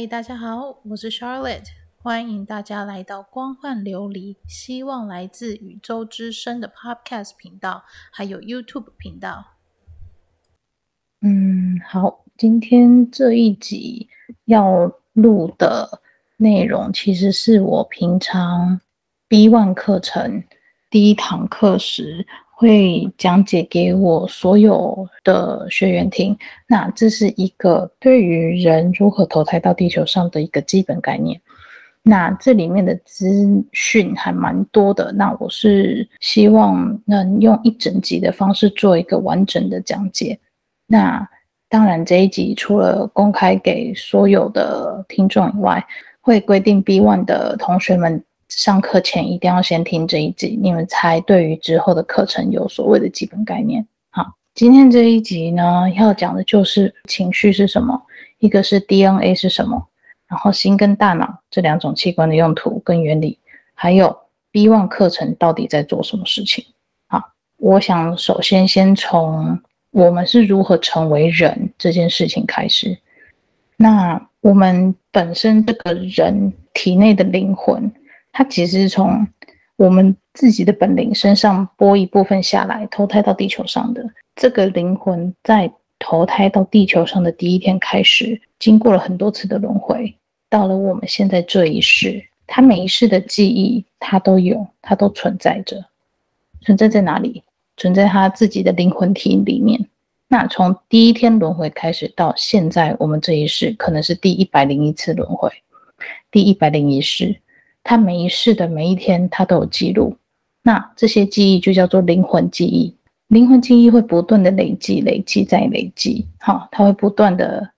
嗨，大家好，我是 Charlotte，歡迎大家來到《光喚琉璃》，希望來自宇宙之聲的 Podcast 頻道還有 YouTube 頻道。嗯，好，今天這一集要錄的內容，其實是我平常 B One 課程第一堂課時，會講解給我所有的學員聽。那這是一個對於人如何投胎到地球上的一個基本概念。那這裡面的資訊還蠻多的。那我是希望能用一整集的方式做一個完整的講解。那當然，這一集除了公開給所有的聽眾以外，會規定 B1 的同學們。上課前一定要先聽這一集，你們才對於之後的課程有所謂的基本概念。好，今天這一集呢，要講的就是情緒是什麼、一個是 DNA 是什麼，然後心跟大腦這兩種器官的用途跟原理，還有 B1 課程到底在做什麼事情。好，我想首先先從我們是如何成為人這件事情開始。那我們本身這個人體內的靈魂，它其實是從我們自己的本靈身上剝一部分下來，投胎到地球上的。這個靈魂在投胎到地球上的第一天開始，經過了很多次的輪回，到了我們現在這一世，它每一世的記憶它都有，它都存在着。存在在哪裡？存在它自己的靈魂體裡面。那從第一天輪回開始到現在，我們這一世可能是第一百零一次輪回，第一百零一世。他每一世的每一天，他都有記錄，那這些記憶就叫做靈魂記憶。靈魂記憶會不斷的累積，累積再累積，哈，他會不斷的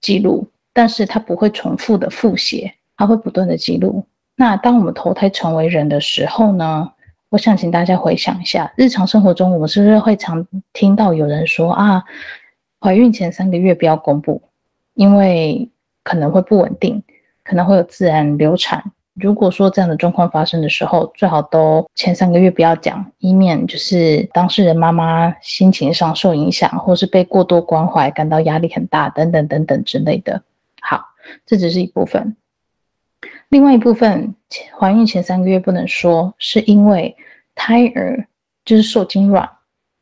記錄，但是他不會重複的複寫，他會不斷的記錄。那當我們投胎成為人的時候呢？我想請大家回想一下，日常生活中我們是不是會常聽到有人說啊，懷孕前三個月不要公布，因為可能會不穩定，可能會有自然流產。如果說這樣的狀況發生的時候，最好都前三個月不要講，以免就是當事人媽媽心情上受影響，或是被過多關懷感到壓力很大等等等等之類的。好，這只是一部分。另外一部分，懷孕前三個月不能說，是因為胎兒就是受精卵，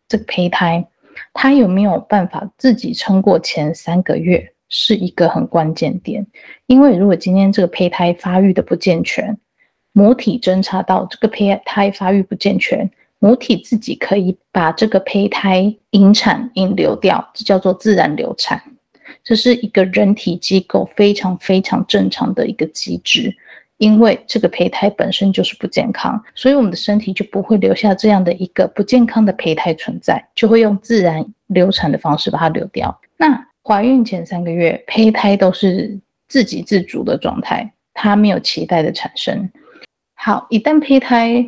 這個胚胎它有沒有辦法自己撐過前三個月？是一個很關鍵點，因為如果今天這個胚胎發育的不健全，母體偵察到這個胚胎發育不健全，母體自己可以把這個胚胎引產引流掉，這叫做自然流產。這是一個人體機構非常非常正常的一個機制，因為這個胚胎本身就是不健康，所以我們的身體就不會留下這樣的一個不健康的胚胎存在，就會用自然流產的方式把它流掉。那。懷孕前三個月，胚胎都是自給自足的狀態，它沒有臍帶的產生。好，一旦胚胎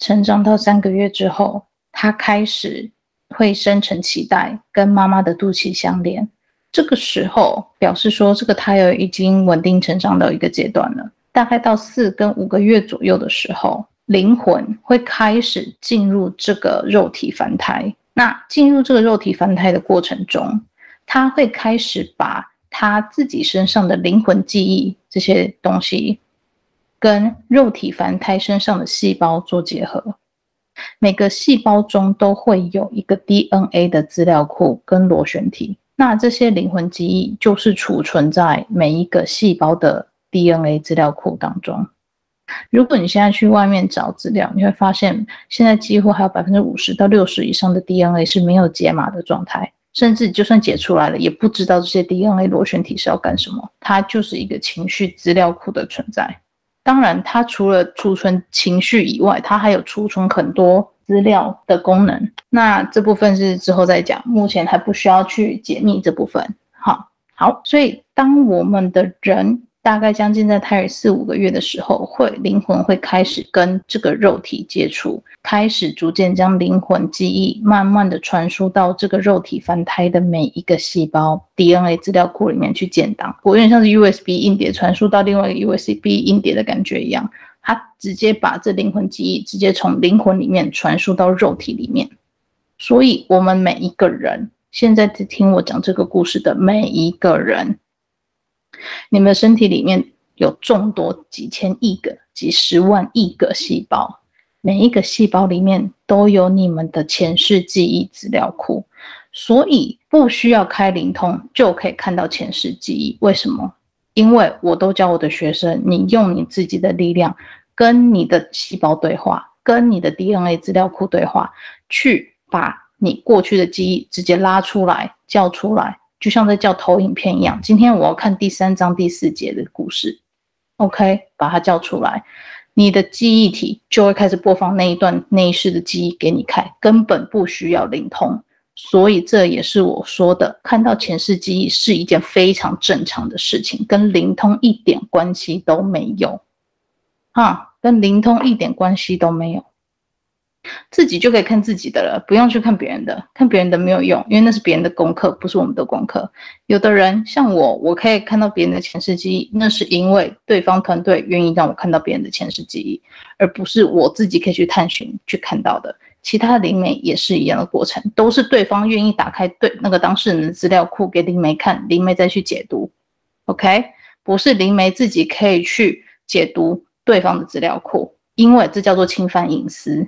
成長到三個月之後，它開始會生成臍帶，跟媽媽的肚臍相連。這個時候表示說，這個胎兒已經穩定成長到一個階段了。大概到四跟五個月左右的時候，靈魂會開始進入這個肉體凡胎。那進入這個肉體凡胎的過程中。他會開始把他自己身上的靈魂記憶這些東西，跟肉體凡胎身上的細胞做結合。每個細胞中都會有一個 DNA 的資料庫跟螺旋體，那這些靈魂記憶就是儲存在每一個細胞的 DNA 資料庫當中。如果你現在去外面找資料，你會發現現在幾乎還有百分之五十到六十以上的 DNA 是沒有解碼的狀態。甚至就算解出來了，也不知道這些 DNA 螺旋體是要幹什麼。它就是一個情緒資料庫的存在。當然，它除了儲存情緒以外，它還有儲存很多資料的功能。那這部分是之後再講，目前還不需要去解密這部分。好，好，所以當我們的人。大概將近在胎兒四五個月的時候，會靈魂會開始跟這個肉體接觸，開始逐漸將靈魂記憶慢慢的傳輸到這個肉體凡胎的每一個細胞 DNA 資料庫裡面去建檔，我有點像是 USB 硬碟傳輸到另外一個 USB 硬碟的感覺一樣，它直接把這靈魂記憶直接從靈魂裡面傳輸到肉體裡面，所以我們每一個人現在在聽我講這個故事的每一個人。你們的身體裡面有眾多幾千億個、幾十萬億個細胞，每一個細胞裡面都有你們的前世記憶資料庫，所以不需要開靈通就可以看到前世記憶。為什麼？因為我都教我的學生，你用你自己的力量，跟你的細胞對話，跟你的 DNA 資料庫對話，去把你過去的記憶直接拉出來、叫出來。就像在叫投影片一樣，今天我要看第三章第四節的故事，OK，把它叫出來，你的記憶體就會開始播放那一段那一世的記憶給你看，根本不需要靈通。所以這也是我說的，看到前世記憶是一件非常正常的事情，跟靈通一點關係都沒有啊，跟靈通一點關係都沒有。自己就可以看自己的了，不用去看別人的。看別人的沒有用，因為那是別人的功課，不是我們的功課。有的人像我，我可以看到別人的前世記憶，那是因為對方團隊願意讓我看到別人的前世記憶，而不是我自己可以去探尋去看到的。其他靈媒也是一樣的過程，都是對方願意打開對那個當事人的資料庫給靈媒看，靈媒再去解讀。OK，不是靈媒自己可以去解讀對方的資料庫，因為這叫做侵犯隱私。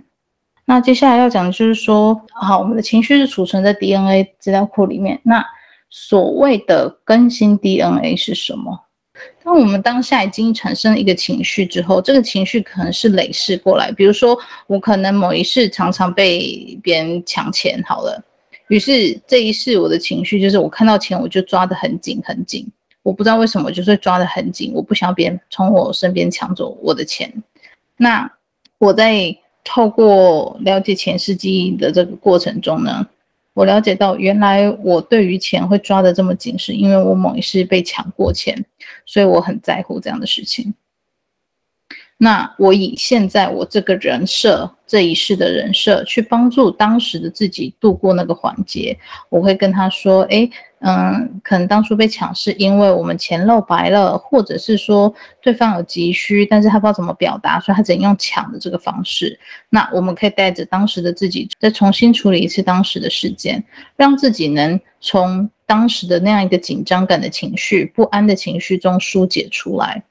那接下來要講的就是說，好、啊，我們的情緒是儲存在 DNA 資料庫裡面。那所謂的更新 DNA 是什麼？當我們當下已經產生了一個情緒之後，這個情緒可能是累世過來。比如說，我可能某一世常常被別人搶錢，好了，於是這一世我的情緒就是，我看到錢我就抓得很緊很緊。我不知道為什麼，就是抓得很緊，我不想要別人從我身邊搶走我的錢。那我在。透過了解前世記憶的這個過程中呢，我了解到原來我對於錢會抓得這麼緊，是因為我某一世被搶過錢，所以我很在乎這樣的事情。那我以現在我這個人設這一世的人設去幫助當時的自己度過那個環節，我會跟他說：“哎，嗯，可能當初被搶是因為我們錢露白了，或者是說對方有急需，但是他不知道怎麼表達，所以他只能用搶的這個方式。那我們可以帶着當時的自己再重新處理一次當時的事件，讓自己能從當時的那樣一個緊張感的情緒、不安的情緒中疏解出來。”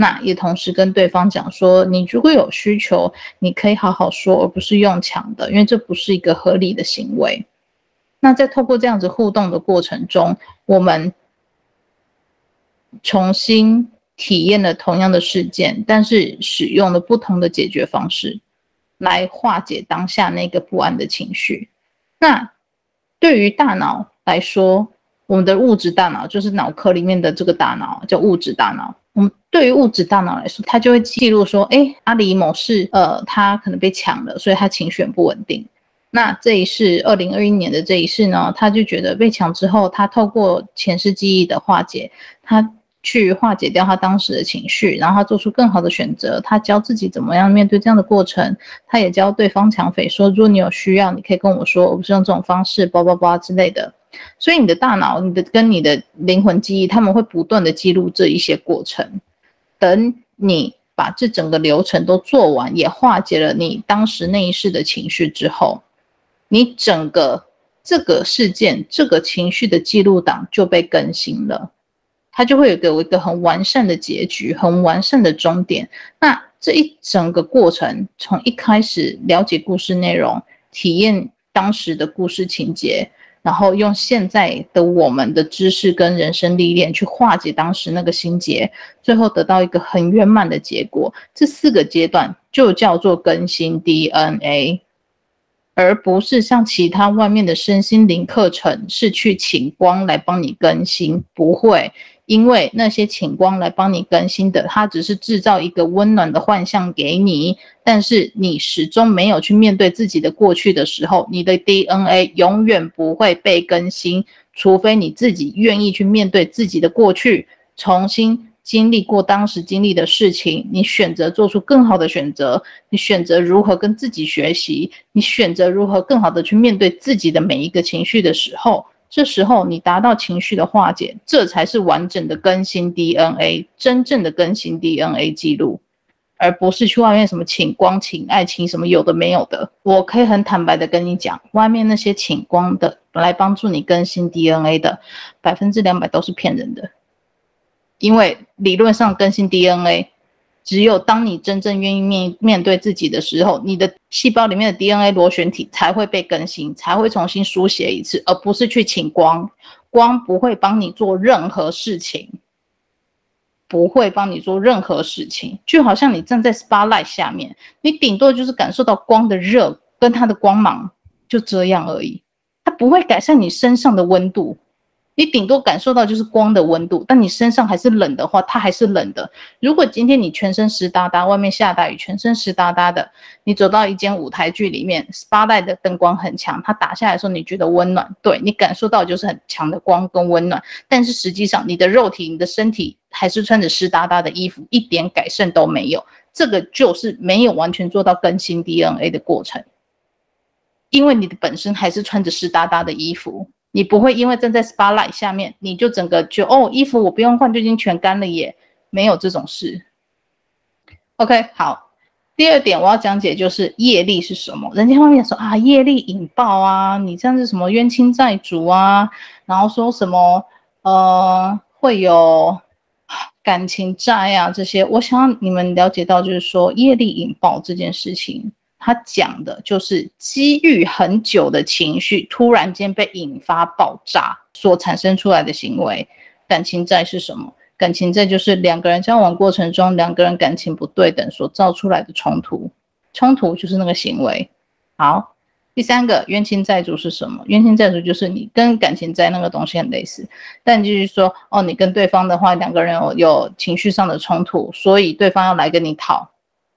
那也同時跟對方講說，你如果有需求，你可以好好說，而不是用強的，因為這不是一個合理的行為。那在透過這樣子互動的過程中，我們重新體驗了同樣的事件，但是使用了不同的解決方式，來化解當下那個不安的情緒。那對於大腦來說，我們的物質大腦就是腦殼裡面的這個大腦，叫物質大腦。對於物質大腦來說，他就會記錄說：“誒，阿里某事，呃，他可能被搶了，所以他情緒很不穩定。”那這一世，二零二一年的這一世呢，他就覺得被搶之後，他透過前世記憶的化解，他去化解掉他當時的情緒，然後他做出更好的選擇。他教自己怎麼樣面對這樣的過程，他也教對方搶匪說：“如果你有需要，你可以跟我說，我不是用這種方式，叭叭叭之類的。”所以你的大腦，你的跟你的靈魂記憶，他們會不斷地記錄這一些過程。等你把這整個流程都做完，也化解了你當時那一世的情緒之後，你整個這個事件、這個情緒的記錄檔就被更新了，它就會有給我一個很完善的結局、很完善的終點。那這一整個過程，從一開始了解故事內容，體驗當時的故事情節，然後用現在的我們的知識跟人生歷練去化解當時那個心結，最後得到一個很圓滿的結果。這四個階段就叫做更新 DNA，而不是像其他外面的身心靈課程是去請光來幫你更新，不會。因為那些請光來幫你更新的，它只是製造一個溫暖的幻象給你，但是你始終沒有去面對自己的過去的時候，你的 DNA 永遠不會被更新，除非你自己願意去面對自己的過去，重新經歷過當時經歷的事情，你選擇做出更好的選擇，你選擇如何跟自己學習，你選擇如何更好的去面對自己的每一個情緒的時候。這時候你達到情緒的化解，這才是完整的更新 DNA，真正的更新 DNA 記錄，而不是去外面什麼請光請愛情什麼有的沒有的。我可以很坦白的跟你講，外面那些請光的來幫助你更新 DNA 的，百分之兩百都是騙人的，因為理論上更新 DNA。只有當你真正願意面面對自己的時候，你的細胞裡面的 DNA 螺旋體才會被更新，才會重新書寫一次，而不是去請光。光不會幫你做任何事情，不會幫你做任何事情。就好像你站在 SPA light 下面，你頂多就是感受到光的熱跟它的光芒，就這樣而已。它不會改善你身上的溫度。你頂多感受到就是光的溫度，但你身上還是冷的話，它還是冷的。如果今天你全身濕噠噠，外面下大雨，全身濕噠噠的，你走到一間舞台劇裡面，八代的燈光很強，它打下來的時候，你覺得溫暖，對，你感受到就是很強的光跟溫暖。但是實際上你的肉體、你的身體還是穿着濕噠噠的衣服，一點改善都沒有。這個就是沒有完全做到更新 DNA 的過程，因為你的本身還是穿着濕噠噠的衣服。你不會因為站在 spotlight 下面，你就整個就哦，衣服，我不用換就已經全乾了耶，也沒有這種事。OK，好。第二點我要講解，就是業力是什麼？人家外面說啊，業力引爆啊，你這樣子什麼冤親債主啊，然後說什麼呃會有感情債呀、啊、這些，我想讓你們了解到就是說，業力引爆這件事情。他講的就是積鬱很久的情緒突然間被引發爆炸所產生出來的行為。感情債是什麼？感情債就是兩個人交往過程中兩個人感情不對等所造出來的衝突。衝突就是那個行為。好，第三個冤親債主是什麼？冤親債主就是你跟感情債那個東西很類似，但就是說哦，你跟對方的話，兩個人有有情緒上的衝突，所以對方要來跟你討，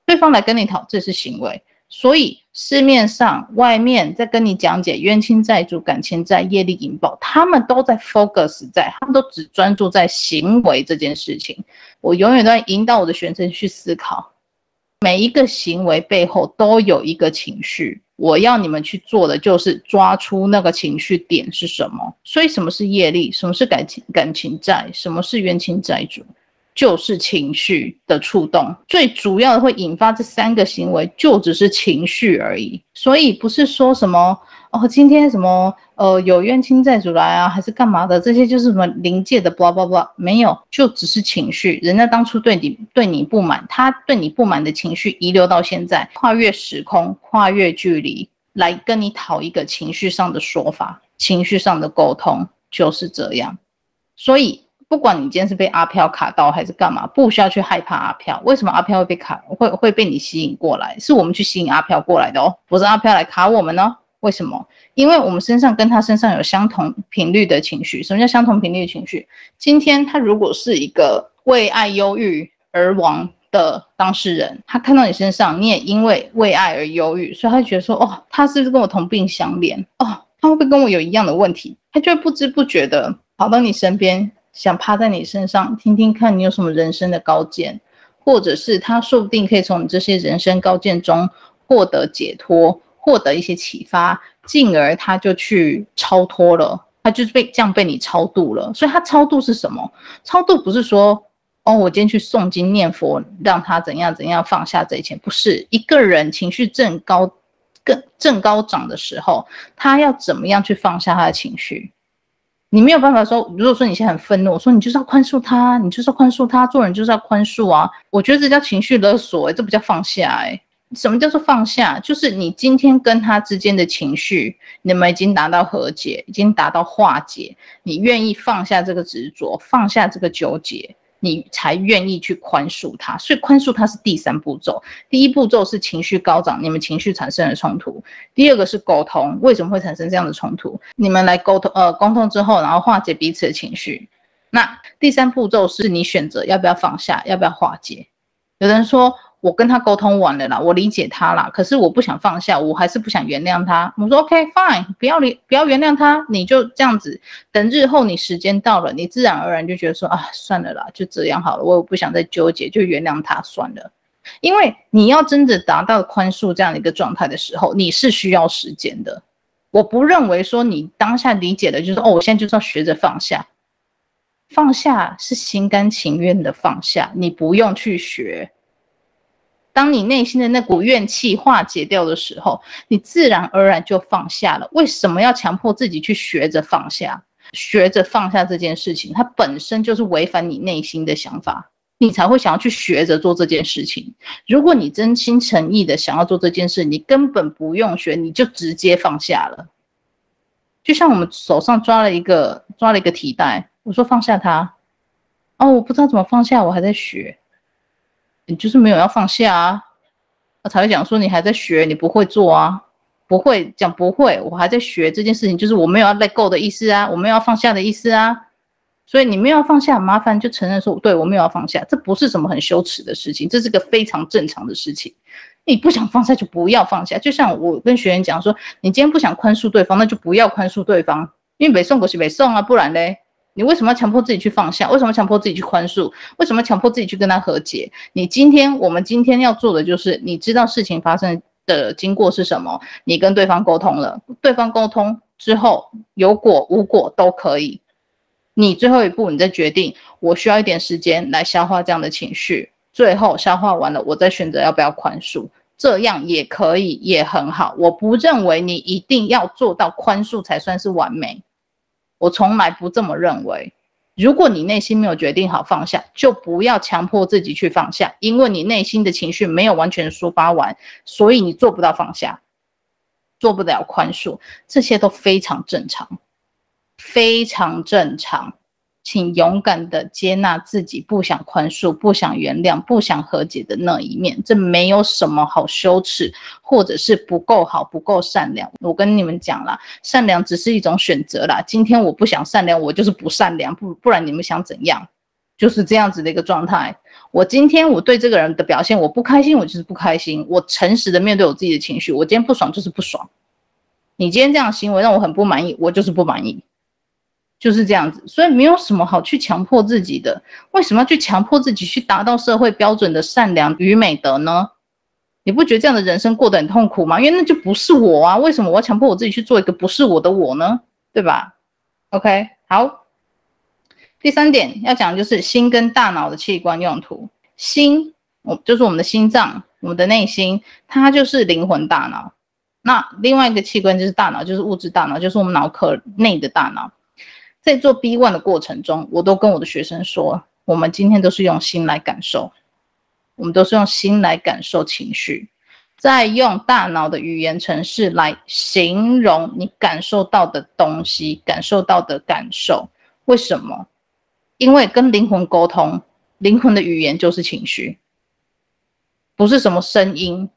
對方來跟你討，這是行為。所以市面上外面在跟你講解冤親債主、感情債、業力引爆，他們都在 focus 在，他們都只專注在行為這件事情。我永遠都在引導我的學生去思考，每一個行為背後都有一個情緒。我要你們去做的就是抓出那個情緒點是什麼。所以什麼是業力？什麼是感情感情債？什麼是冤親債主？就是情緒的觸動，最主要的會引發這三個行為，就只是情緒而已。所以不是說什麼哦，今天什麼呃有冤親債主來啊，還是幹嘛的？這些就是什麼靈界的不不不，沒有，就只是情緒。人家當初對你對你不滿，他對你不滿的情緒遺留到現在，跨越時空，跨越距離來跟你討一個情緒上的說法，情緒上的溝通就是這樣。所以。不管你今天是被阿飄卡到還是幹嘛，不需要去害怕阿飄。為什麼阿飄會被卡？會會被你吸引過來？是我們去吸引阿飄過來的哦，不是阿飄來卡我們呢？哦？為什麼？因為我們身上跟他身上有相同頻率的情緒。什麼叫相同頻率的情緒？今天他如果是一個為愛憂鬱而亡的當事人，他看到你身上，你也因為為愛而憂鬱，所以他就覺得說：哦，他是不是跟我同病相憐？哦，他會不會跟我有一樣的問題？他就會不知不覺的跑到你身邊。想趴在你身上聽聽看你有什麼人生的高見，或者是他說不定可以從你這些人生高見中獲得解脫，獲得一些啟發，進而他就去超脫了，他就是被這樣被你超度了。所以，他超度是什麼？超度不是說哦，我今天去誦經念佛，讓他怎樣怎樣放下這一切。不是，一個人情緒正高、更正高漲的時候，他要怎麼樣去放下他的情緒？你沒有辦法說，如果說你現在很憤怒，我說你就是要寬恕他，你就是要寬恕他，做人就是要寬恕啊。我覺得這叫情緒勒索，欸，這不叫放下，欸，哎。什麼叫做放下？就是你今天跟他之間的情緒，你們已經達到和解，已經達到化解，你願意放下這個執着，放下這個糾結。你才願意去寬恕他，所以寬恕他是第三步驟。第一步驟是情緒高漲，你們情緒產生了衝突；第二個是溝通，為什麼會產生這樣的衝突？你們來溝通，呃，溝通之後，然後化解彼此的情緒。那第三步驟是你選擇要不要放下，要不要化解？有人說。我跟他溝通完了啦，我理解他啦，可是我不想放下，我還是不想原諒他。我說 OK fine，不要理，不要原諒他，你就這樣子，等日後你時間到了，你自然而然就覺得說啊，算了啦，就這樣好了，我也不想再糾結，就原諒他算了。因為你要真的達到寬恕這樣的一個狀態的時候，你是需要時間的。我不認為說你當下理解的就是哦，我現在就是要學着放下，放下是心甘情願的放下，你不用去學。當你內心的那股怨氣化解掉的時候，你自然而然就放下了。為什麼要強迫自己去學着放下？學着放下這件事情，它本身就是違反你內心的想法，你才會想要去學着做這件事情。如果你真心誠意的想要做這件事，你根本不用學，你就直接放下了。就像我們手上抓了一個，抓了一個提袋，我說放下它，哦，我不知道怎麼放下，我還在學。你就是沒有要放下啊，我才會講說你還在學，你不會做啊，不會講不會，我還在學這件事情，就是我沒有要 let go 的意思啊，我沒有要放下的意思啊，所以你沒有要放下，麻煩就承認說，對，我沒有要放下，這不是什麼很羞恥的事情，這是個非常正常的事情。你不想放下就不要放下，就像我跟學員講說，你今天不想寬恕對方，那就不要寬恕對方，因為沒送過去沒送啊，不然嘞。你為什麼要強迫自己去放下？為什麼強迫自己去寬恕？為什麼強迫自己去跟他和解？你今天我們今天要做的就是，你知道事情發生的經過是什麼？你跟對方溝通了，對方溝通之後有果無果都可以。你最後一步，你再決定。我需要一點時間來消化這樣的情緒。最後消化完了，我再選擇要不要寬恕，這樣也可以，也很好。我不認為你一定要做到寬恕才算是完美。我從來不這麼認為。如果你內心沒有決定好放下，就不要強迫自己去放下，因為你內心的情緒沒有完全抒發完，所以你做不到放下，做不了寬恕，這些都非常正常，非常正常。請勇敢的接納自己不想寬恕、不想原諒、不想和解的那一面，這沒有什麼好羞恥，或者是不夠好、不夠善良。我跟你們講啦，善良只是一種選擇啦。今天我不想善良，我就是不善良，不不然你們想怎樣？就是這樣子的一個狀態。我今天我對這個人的表現，我不開心，我就是不開心。我誠實的面對我自己的情緒，我今天不爽就是不爽。你今天這樣行為讓我很不滿意，我就是不滿意。就是這樣子，所以沒有什麼好去強迫自己的。為什麼要去強迫自己去達到社會標準的善良與美德呢？你不覺得這樣的人生過得很痛苦嗎？因為那就不是我啊！為什麼我要強迫我自己去做一個不是我的我呢？對吧？OK，好。第三點要講的就是心跟大腦的器官用途。心，我就是我們的心臟，我們的內心，它就是靈魂大腦。那另外一個器官就是大腦，就是物質大腦，就是我們腦殼內的大腦。在做 B1 的過程中，我都跟我的學生說，我們今天都是用心來感受，我們都是用心來感受情緒，再用大腦的語言程式來形容你感受到的東西、感受到的感受。為什麼？因為跟靈魂溝通，靈魂的語言就是情緒，不是什麼聲音。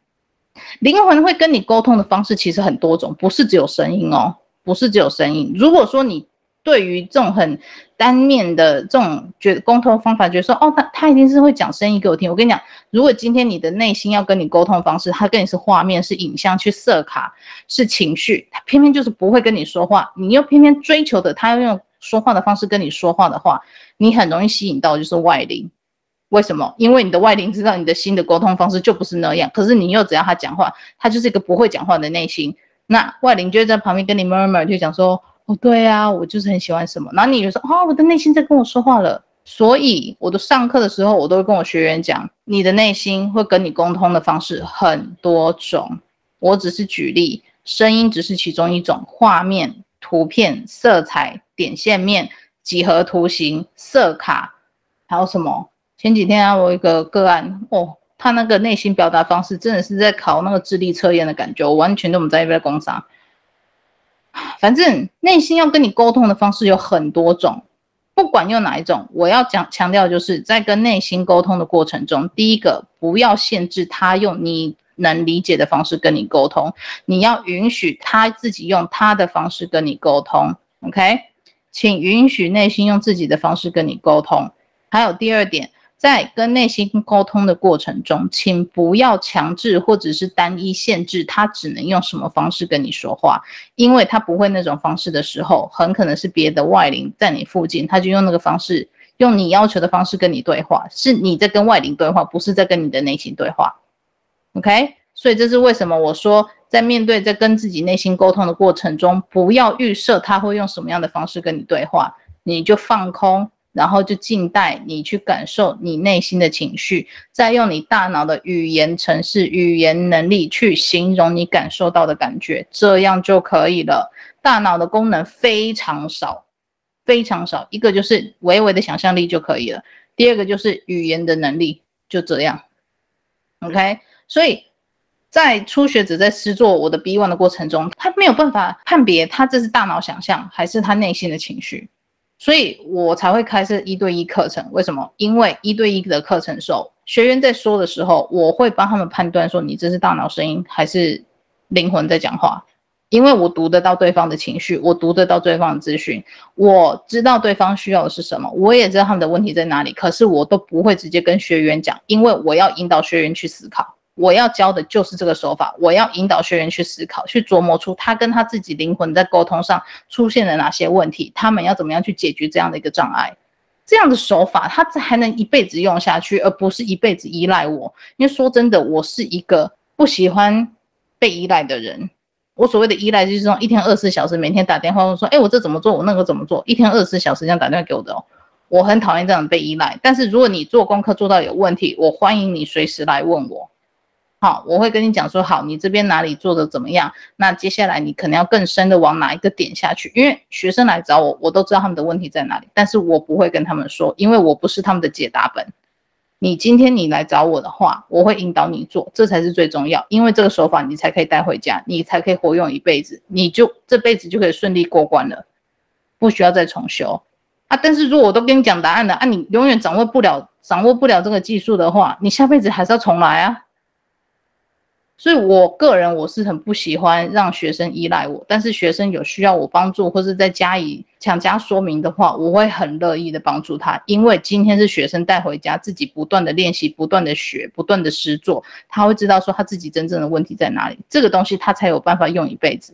靈魂會跟你溝通的方式其實很多種，不是只有聲音哦，不是只有聲音。如果說你。對於這種很單面的這種覺得溝通方法，覺得說哦，他他一定是會講聲音給我聽。我跟你講，如果今天你的內心要跟你溝通的方式，他跟你是畫面是影像，去色卡是情緒，他偏偏就是不會跟你說話，你又偏偏追求的他要用說話的方式跟你說話的話，你很容易吸引到就是外靈。為什麼？因為你的外靈知道你的心的溝通方式就不是那樣，可是你又只要他講話，他就是一個不會講話的內心，那外靈就會在旁邊跟你 Murmur，-mur, 就講說。哦，對啊，我就是很喜歡什麼，然後你就說，是，啊，哦，我的內心在跟我說話了。所以，我都上課的時候，我都會跟我學員講，你的內心會跟你溝通的方式很多種，我只是舉例，聲音只是其中一種，畫面、圖片、色彩、點線面、幾何圖形、色卡，還有什麼？前幾天啊，我有一個個案哦，他那個內心表達方式真的是在考那個智力測驗的感覺，我完全都不在那邊工傷。反正內心要跟你溝通的方式有很多種，不管用哪一種，我要講強調就是在跟內心溝通的過程中，第一個不要限制他用你能理解的方式跟你溝通，你要允許他自己用他的方式跟你溝通。OK，請允許內心用自己的方式跟你溝通。還有第二點。在跟內心溝通的過程中，請不要強制或者是單一限制他只能用什麼方式跟你說話，因為他不會那種方式的時候，很可能是別的外靈在你附近，他就用那個方式，用你要求的方式跟你對話，是你在跟外靈對話，不是在跟你的內心對話。OK，所以這是為什麼我說在面對在跟自己內心溝通的過程中，不要預設他會用什麼樣的方式跟你對話，你就放空。然後就靜待你去感受你內心的情緒，再用你大腦的語言程式、城市語言能力去形容你感受到的感覺，這樣就可以了。大腦的功能非常少，非常少，一個就是微微的想象力就可以了，第二個就是語言的能力，就這樣。OK，所以在初學者在試做我的 B1 的過程中，他沒有辦法判別他這是大腦想象還是他內心的情緒。所以我才會開設一對一課程，為什麼？因為一對一的課程時候，學員在說的時候，我會幫他們判斷說，你這是大腦聲音還是靈魂在講話，因為我讀得到對方的情緒，我讀得到對方的資訊，我知道對方需要的是什麼，我也知道他們的問題在哪裡，可是我都不會直接跟學員講，因為我要引導學員去思考。我要教的就是這個手法，我要引導學員去思考，去琢磨出他跟他自己靈魂在溝通上出現了哪些問題，他們要怎麼樣去解決這樣的一個障礙。這樣的手法，他才能一輩子用下去，而不是一輩子依賴我。因為說真的，我是一個不喜歡被依賴的人。我所謂的依賴就是說，一天二十四小時，每天打電話問說，哎，我這怎麼做，我那個怎麼做，一天二十四小時這樣打電話給我的哦。我很討厭這樣被依賴。但是如果你做功課做到有問題，我歡迎你隨時來問我。好，我會跟你講說，好，你這邊哪裡做得怎麼樣？那接下來你可能要更深的往哪一個點下去？因為學生來找我，我都知道他們的問題在哪裡，但是我不會跟他們說，因為我不是他們的解答本。你今天你來找我的話，我會引導你做，這才是最重要，因為這個手法你才可以帶回家，你才可以活用一輩子，你就這輩子就可以順利過關了，不需要再重修啊。但是如果我都跟你講答案了啊，你永遠掌握不了，掌握不了這個技術的話，你下輩子還是要重來啊。所以，我個人我是很不喜歡讓學生依賴我，但是學生有需要我幫助，或者在加以強加說明的話，我會很樂意的幫助他。因為今天是學生帶回家，自己不斷的練習，不斷的學，不斷的實作，他會知道說他自己真正的問題在哪裡，這個東西他才有辦法用一輩子。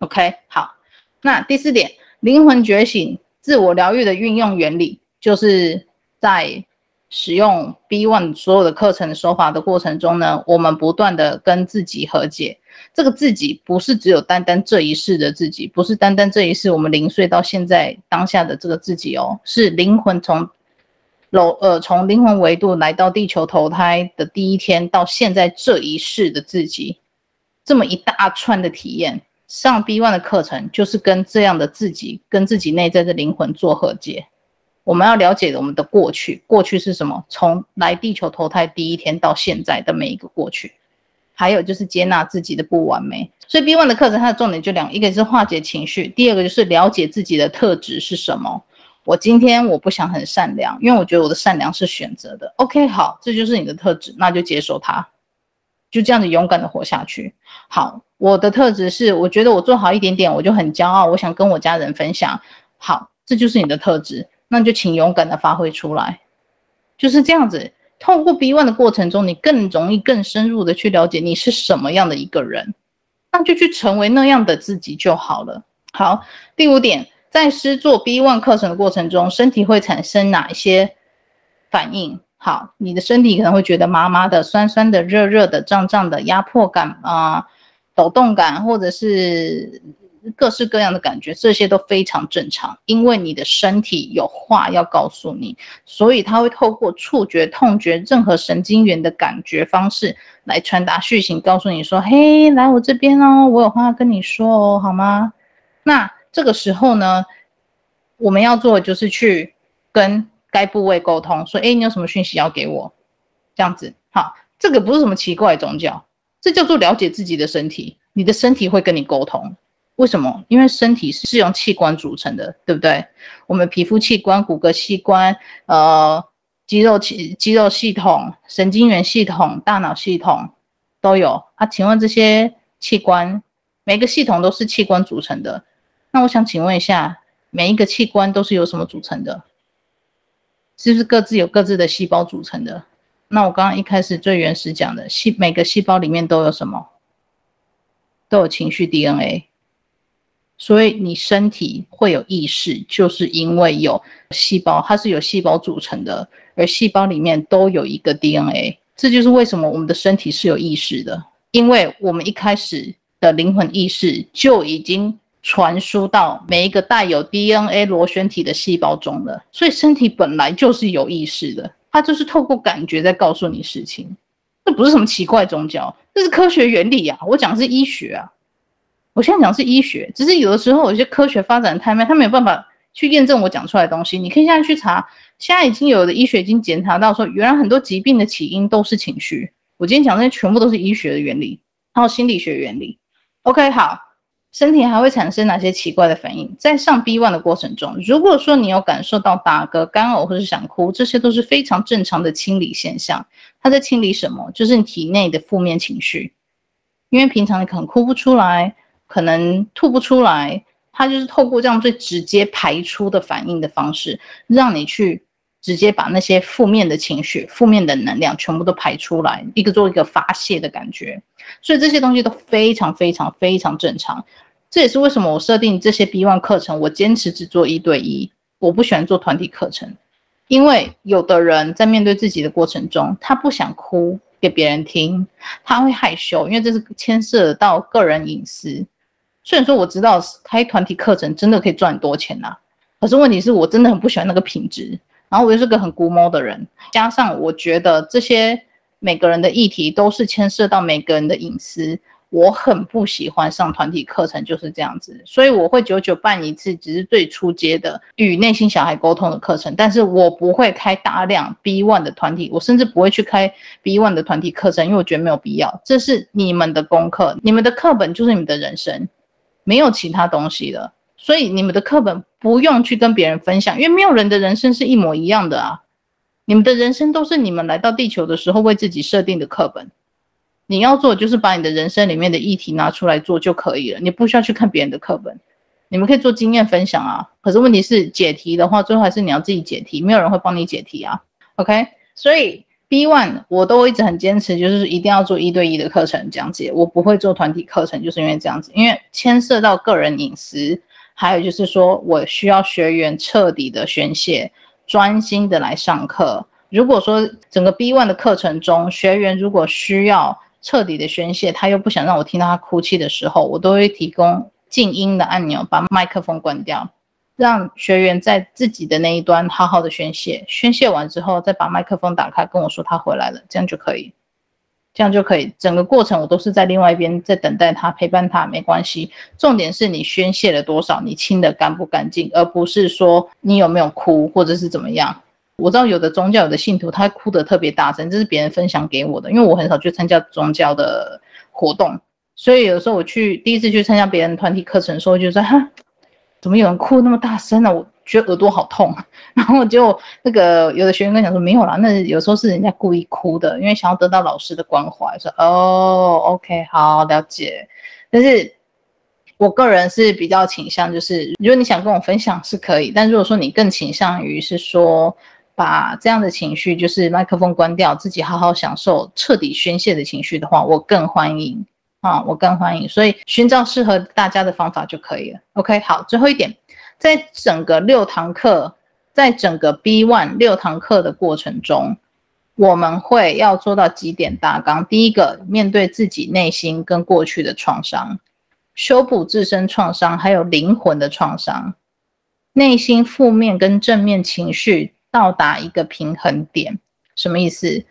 OK，好，那第四點，靈魂覺醒、自我療癒的運用原理，就是在。使用 B1 所有的課程手法的過程中呢，我們不斷的跟自己和解。這個自己不是只有單單這一世的自己，不是單單這一世我們零歲到現在當下的這個自己哦，是靈魂從樓呃從靈魂維度來到地球投胎的第一天到現在這一世的自己，這麼一大串的體驗。上 B1 的課程就是跟這樣的自己，跟自己內在的靈魂做和解。我們要了解我們的過去，過去是什麼？從來地球投胎第一天到現在的每一個過去，還有就是接納自己的不完美。所以 B1 的課程它的重點就兩，一個是化解情緒，第二個就是了解自己的特質是什麼。我今天我不想很善良，因為我覺得我的善良是選擇的。OK，好，這就是你的特質，那就接受它，就這樣子勇敢的活下去。好，我的特質是我覺得我做好一點點我就很驕傲，我想跟我家人分享。好，這就是你的特質。那就請勇敢的發揮出來，就是這樣子。透過 B 1的過程中，你更容易、更深入的去了解你是什麼樣的一個人，那就去成為那樣的自己就好了。好，第五點，在試做 B 1課程的過程中，身體會產生哪一些反應？好，你的身體可能會覺得麻麻的、酸酸的、熱熱的、脹脹的、壓迫感啊、呃、抖動感，或者是。各式各樣的感覺，這些都非常正常，因為你的身體有話要告訴你，所以它會透過觸覺、痛覺、任何神經元的感覺方式來傳達訊息，告訴你說：“嘿，來我這邊哦，我有話要跟你說哦，好嗎？”那這個時候呢，我們要做的就是去跟該部位溝通，說：“誒、欸，你有什麼訊息要給我？”這樣子，好，這個不是什麼奇怪的宗教，這叫做了解自己的身體，你的身體會跟你溝通。為什麼？因為身體是是用器官組成的，對不對？我們皮膚器官、骨骼器官、呃，肌肉肌肉系統、神經元系統、大腦系統都有啊。請問這些器官，每個系統都是器官組成的。那我想請問一下，每一個器官都是由什麼組成的？是不是各自有各自的細胞組成的？那我剛剛一開始最原始講的細，每個細胞裡面都有什麼？都有情緒 DNA。所以你身體會有意識，就是因為有細胞，它是由細胞組成的，而細胞裡面都有一個 DNA，這就是為什麼我們的身體是有意識的。因為我們一開始的靈魂意識就已經傳輸到每一個帶有 DNA 螺旋體的細胞中了，所以身體本來就是有意識的，它就是透過感覺在告訴你事情。這不是什麼奇怪宗教，這是科學原理啊！我講的是醫學啊。我現在講的是醫學，只是有的時候有些科學發展太慢，他沒有辦法去驗證我講出來的東西。你可以現在去查，現在已經有的醫學已經檢查到說，原來很多疾病的起因都是情緒。我今天講的這些全部都是醫學的原理，還有心理學原理。OK，好，身體還會產生哪些奇怪的反應？在上 B1 的過程中，如果說你有感受到打嗝、乾嘔或者是想哭，這些都是非常正常的清理現象。它在清理什麼？就是你體內的負面情緒，因為平常你可能哭不出來。可能吐不出來，他就是透過這樣最直接排出的反應的方式，讓你去直接把那些負面的情緒、負面的能量全部都排出來，一個做一個發泄的感覺。所以這些東西都非常非常非常正常。這也是為什麼我設定這些 B1 課程，我堅持只做一對一，我不喜歡做團體課程，因為有的人在面對自己的過程中，他不想哭給別人聽，他會害羞，因為這是牽涉到個人隱私。雖然說我知道開團體課程真的可以賺很多錢吶、啊，可是問題是我真的很不喜歡那個品質，然後我又是個很龜毛的人，加上我覺得這些每個人的議題都是牽涉到每個人的隱私。我很不喜歡上團體課程就是這樣子，所以我會久久辦一次，只是最初階的與內心小孩溝通的課程，但是我不會開大量 B one 的團體，我甚至不會去開 B one 的團體課程，因為我覺得沒有必要。這是你們的功課，你們的課本就是你們的人生。沒有其他東西的，所以你們的課本不用去跟別人分享，因為沒有人的人生是一模一樣的啊。你們的人生都是你們來到地球的時候為自己設定的課本，你要做就是把你的人生裡面的議題拿出來做就可以了，你不需要去看別人的課本。你們可以做經驗分享啊，可是問題是解題的話，最後還是你要自己解題，沒有人會幫你解題啊。OK，所以。B one，我都一直很堅持，就是一定要做一對一的課程講解，我不會做團體課程，就是因為這樣子，因為牽涉到個人隱私，還有就是說我需要學員徹底的宣洩，專心的來上課。如果說整個 B one 的課程中，學員如果需要徹底的宣洩，他又不想讓我聽到他哭泣的時候，我都會提供靜音的按鈕，把麥克風關掉。讓學員在自己的那一端好好的宣洩，宣洩完之後再把麥克風打開跟我說他回來了，這樣就可以，這樣就可以。整個過程我都是在另外一邊在等待他陪伴他，沒關係。重點是你宣洩了多少，你清得乾不乾淨，而不是說你有沒有哭或者是怎麼樣。我知道有的宗教有的信徒他哭得特別大聲，這是別人分享給我的，因為我很少去參加宗教的活動，所以有時候我去第一次去參加別人團體課程的時候，就是哈。怎麼有人哭那麼大聲呢、啊？我覺得耳朵好痛。然後就那個有的學員跟我講說沒有啦，那有時候是人家故意哭的，因為想要得到老師的關懷。說哦，OK，好，了解。但是我個人是比較傾向，就是如果你想跟我分享是可以，但如果說你更傾向於是說把這樣的情緒，就是麥克風關掉，自己好好享受徹底宣泄的情緒的話，我更歡迎。啊、哦，我更歡迎，所以尋找適合大家的方法就可以了。OK，好，最後一點，在整個六堂課，在整個 B1 六堂課的過程中，我們會要做到幾點大綱。第一個，面對自己內心跟過去的創傷，修補自身創傷，還有靈魂的創傷，內心負面跟正面情緒到達一個平衡點。什麼意思？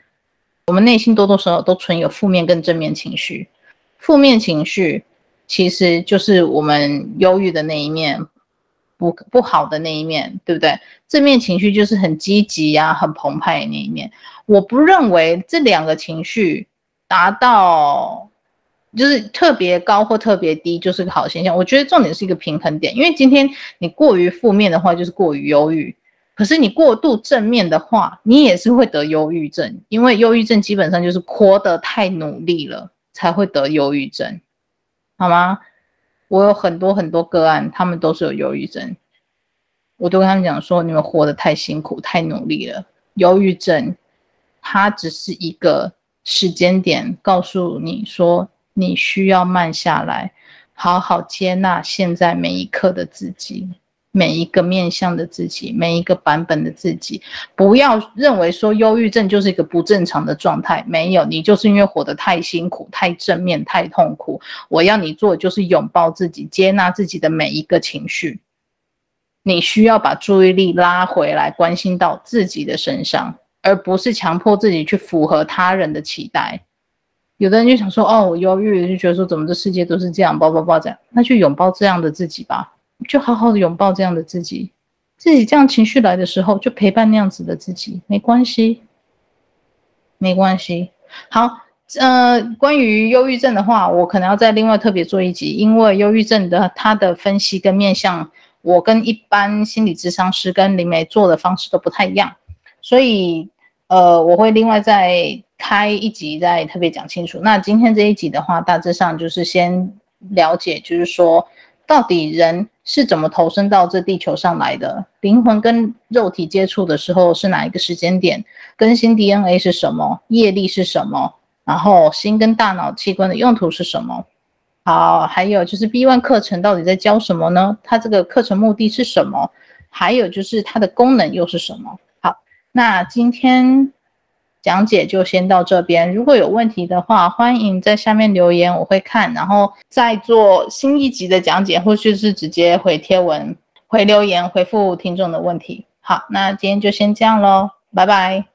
我們內心多多少少都存有負面跟正面情緒。負面情緒其實就是我們憂鬱的那一面，不不好的那一面對不對？正面情緒就是很積極呀，很澎湃的那一面。我不認為這兩個情緒達到就是特別高或特別低就是個好現象。我覺得重點是一個平衡點，因為今天你過於負面的話就是過於憂鬱，可是你過度正面的話，你也是會得憂鬱症，因為憂鬱症基本上就是活得太努力了。才會得憂鬱症，好嗎？我有很多很多個案，他們都是有憂鬱症。我都跟他們講說，你們活得太辛苦，太努力了。憂鬱症，它只是一個時間點，告訴你說你需要慢下來，好好接納現在每一刻的自己。每一個面向的自己，每一個版本的自己，不要認為說憂鬱症就是一個不正常的狀態。沒有，你就是因為活得太辛苦、太正面、太痛苦。我要你做的就是擁抱自己，接納自己的每一個情緒。你需要把注意力拉回來，關心到自己的身上，而不是強迫自己去符合他人的期待。有的人就想說，哦，我憂鬱，就覺得說怎麼這世界都是這樣，抱抱抱這樣，那去擁抱這樣的自己吧。就好好的擁抱這樣的自己，自己這樣情緒來的時候，就陪伴那樣子的自己，沒關係，沒關係。好，呃，關於憂鬱症的話，我可能要再另外特別做一集，因為憂鬱症的它的分析跟面向，我跟一般心理諮商師跟靈媒做的方式都不太一樣，所以呃，我會另外再開一集再特別講清楚。那今天這一集的話，大致上就是先了解，就是說。到底人是怎麼投身到這地球上來的？靈魂跟肉體接觸的時候是哪一個時間點？更新 DNA 是什麼？業力是什麼？然後心跟大腦器官的用途是什麼？好，還有就是 B1 課程到底在教什麼呢？它這個課程目的是什麼？還有就是它的功能又是什麼？好，那今天。講解就先到這邊，如果有問題的話，歡迎在下面留言，我會看，然後再做新一集的講解，後續是直接回貼文、回留言、回復聽眾的問題。好，那今天就先這樣嘍，拜拜。